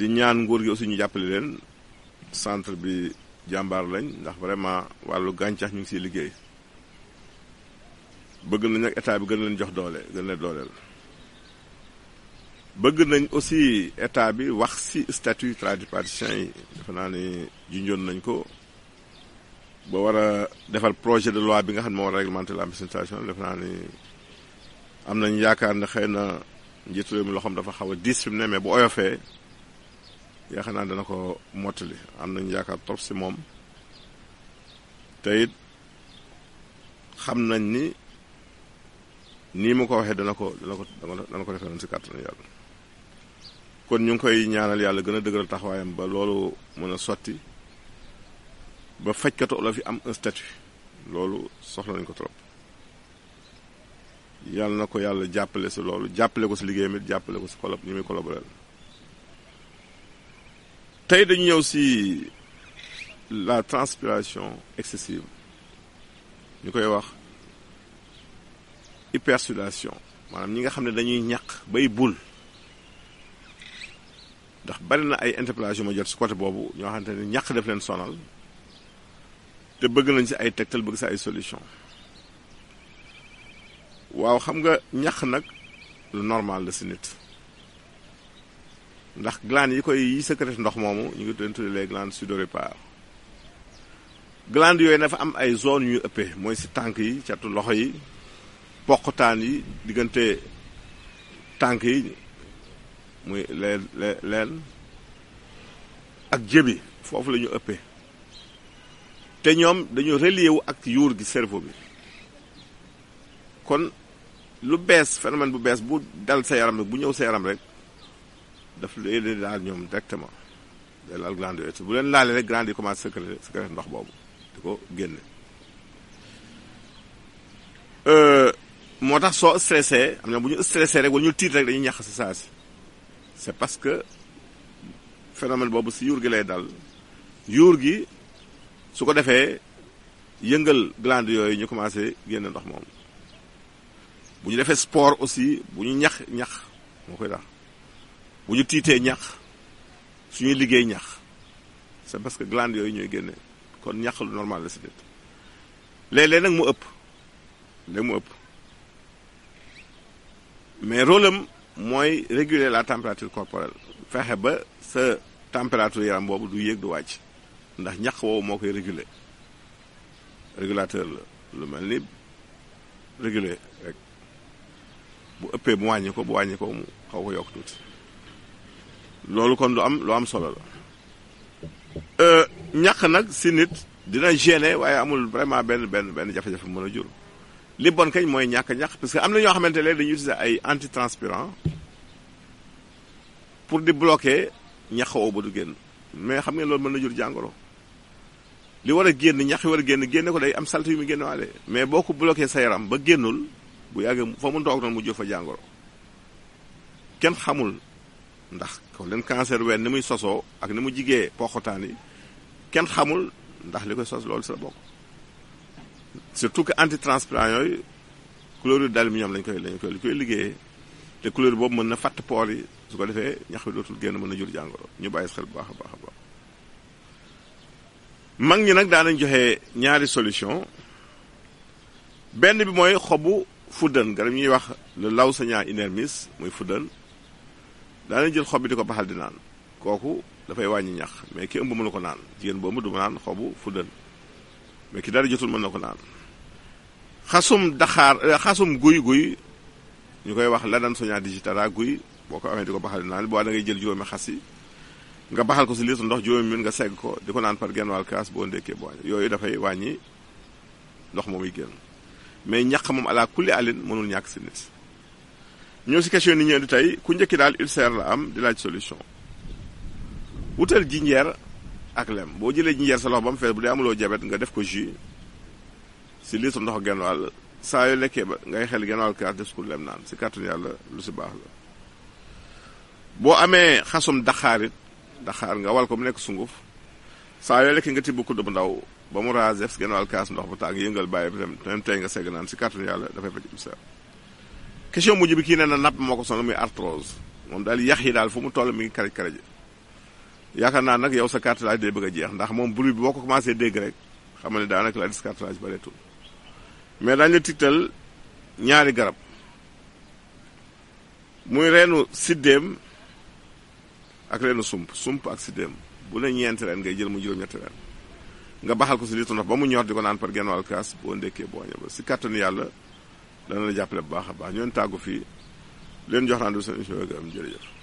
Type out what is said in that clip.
di ñaan nguur gi aussi ñu jàppale leen centre bi jàmbaar lañ ndax vraiment wàllu gàncax ñu ngi siy liggéey bëgg nañ ak état bi gën leen jox doole gën leen dooleel bëgg nañ aussi état bi wax si statut tradipraticien yi defe naa ni junjoon nañ ko ba war a defar projet de loi bi nga xam ne moo war a réglementer l'administration defe naa ni am nañ yaakaar ne xëy na njiitu réew mi loxoom dafa xaw a diis fi mu ne bu oyofee ya naa dana ko mottali am nañ yaakaar torop si moom te it xam nañ ni nii mu ko waxee dana ko dana ko dana ko defee noonu si kàttan yàlla kon ñu ngi koy ñaanal yàlla gën a dëgëral taxawaayam ba loolu mën a sotti ba fajkatu la fi am un statut loolu soxla nañ ko trop yàlla na ko yàlla jàppale si loolu jàppale ko si liggéeyam it jàppale ko si kolab ñi muy collaborer tey dañu ñëw si la transpiration excessive ñu koy wax hypersudation maanaam ñi nga xam ne dañuy ñaq bay bul ndax bari na ay interpellation ma jot si côté boobu ñoo xamante ne ñaq def leen sonal te bëgg nañ si ay tegtal bëgg si ay solution waaw xam nga ñaq nag lu normal la si nit ndax glandes yi koy yi sécrète ndox moomu ñu ngi leen tuddee les glandes sudoripares glandes yooyu dafa am ay zones yu ëppee mooy si tànk yi catu loxo yi poqtaan yi diggante tànk yi muy leen leen ak jëbi foofu la ñu ëppee te ñoom dañu relier wu ak yuur gi cerveau bi kon lu bees phénomène bu bees bu dal sa yaram bu ñëw sa yaram rek daf leen laal ñoom directement day laal glande yooyu bu leen laalee rek glande yi commencé sécréter sécréter ndox boobu di ko génne. Euh, moo tax soo stressé am na bu ñu stressé rek wala ñu tiit rek dañuy ñax si saa si c'est parce que phénomène boobu si yuur gi lay dal yuur gi su ko defee yëngal glande yooyu ñu commencé génne ndox moom bu ñu defee sport aussi bu ñu ñax ñax moo koy tax bu ñu tiitee ñax suñuy liggéey ñax c'est parce que glande yooyu ñooy génne kon ñax lu normal la si déet léeg-léeg nag mu ëpp léeg mu ëpp mais rôle am mooy réguler la température corporelle fexe ba sa température yaram boobu du yéeg du wàcc ndax ñax woowu moo koy réguler régulateur la lu mel ni réguler rek bu ëppee bu wàññi ko bu wàññi ko mu xaw ko yokk tuuti loolu kon lu am lu am solo la euh, ñàkk nag si nit dina gêner waaye amul vraiment benn benn benn jafe-jafe mën a jur li bon kañ mooy ñàkk ñàkk parce que am na ñoo xamante ne dañuy utiliser ay antitranspirant pour di bloquer ñax woo ba du génn mais xam nga loolu mën na jur jàngoro li war a génn ñax war a génn génne ko day am salte yu mu génn waale mais boo ko bloqué sa yaram ba génnul bu yàggee fa mu toog noonu mu jur fa jàngoro kenn xamul ndax ko leen cancer ween ni muy sosoo ak ni mu jigee poqotaan yi kenn xamul ndax li koy sos loolu sa bokk surtout que antitranspirant yooyu chlorure d'aluminium lañ koy lañ koy li koy liggéeyee te chlorure boobu mën na fàtt poor yi su ko defee ñax bi dootul génn mën na jur jàngoro ñu bàyyi xel bu baax a baax a baax mag ñi nag daanañ joxe ñaari solution benn bi mooy xobu fuddën garab ñuy wax le lawsania inermis muy fuddën daana jël xob bi di ko baxal di naan kooku dafay wàññi ñax mais ki ëmb mënu ko naan jigéen boobu du naan xobu fuddën mais ki dara jotul mën na ko naan xasum daxaar euh, xasum guy guy ñu koy wax ladan soña digitara guy boo ko amee di ko baxal di naan boo da ngay jël juróomi xas yi nga baxal ko si litre ndox juróomi min nga segg ko di ko naan par genn wàll kaas boo ndékkee boo yooyu dafay wàññi ndox moomuy génn mais ñaq moom ala kulli alin mënul ñàkk si nit ñoo si question ni ñeen du tey ku njëkki daal ulcère la am di laaj solution wutal jinjeer ak lem boo jëlee jinjeer sa loxo ba mu fees bu dee amuloo jabet nga def ko jus si litre ndox genn wàll saa yoo lekkee ba ngay xel genn wàll kaas def su ko lem naan si kàttan yàlla lu si baax la boo amee xasum daxaarit daxaar nga wal ko mu nekk sunguf saa yoo lekkee nga tibb kudd bu ndaw ba mu raas genn wàll kaas ndox bu tàng yëngal bàyyi bi tam tey nga segg naan si kàttan yàlla dafay question mujj bi kii nee na napp moo ko sonal muy arthrose moom daal yax yi daal fu mu toll mi ngi karaj karaj yaakaar naa nag yow sa cartilage day bëgg a jeex ndax moom bruit boo ko commencé dégg rek xam ne daanaka la dis cartilage bareetul mais dañ la tiital ñaari garab muy reenu siddéem ak reenu sump sump ak siddéem bu ne ñeenti reen ngay jël mu juróom-ñetti reen nga baxal ko si liitu ndox ba mu ñor di ko naan par genn wàll kaas boo ndekkee si kàttanu yàlla dana la jàppale bu baax a baax ñoon tàggu fii leen jox naan du seen émission bi am jërëjëf